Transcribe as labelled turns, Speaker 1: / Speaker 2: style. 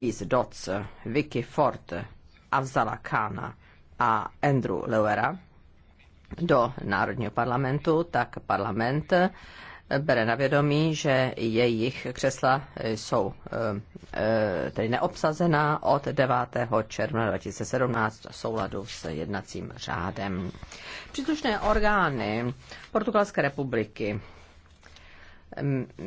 Speaker 1: Is Dots, Vicky Ford, Avzala Kana a Andrew Lewera do Národního parlamentu, tak parlament eh, bere na vědomí, že jejich křesla jsou eh, eh, tedy neobsazená od 9. června 2017 v souladu s jednacím řádem. Příslušné orgány Portugalské republiky
Speaker 2: mm,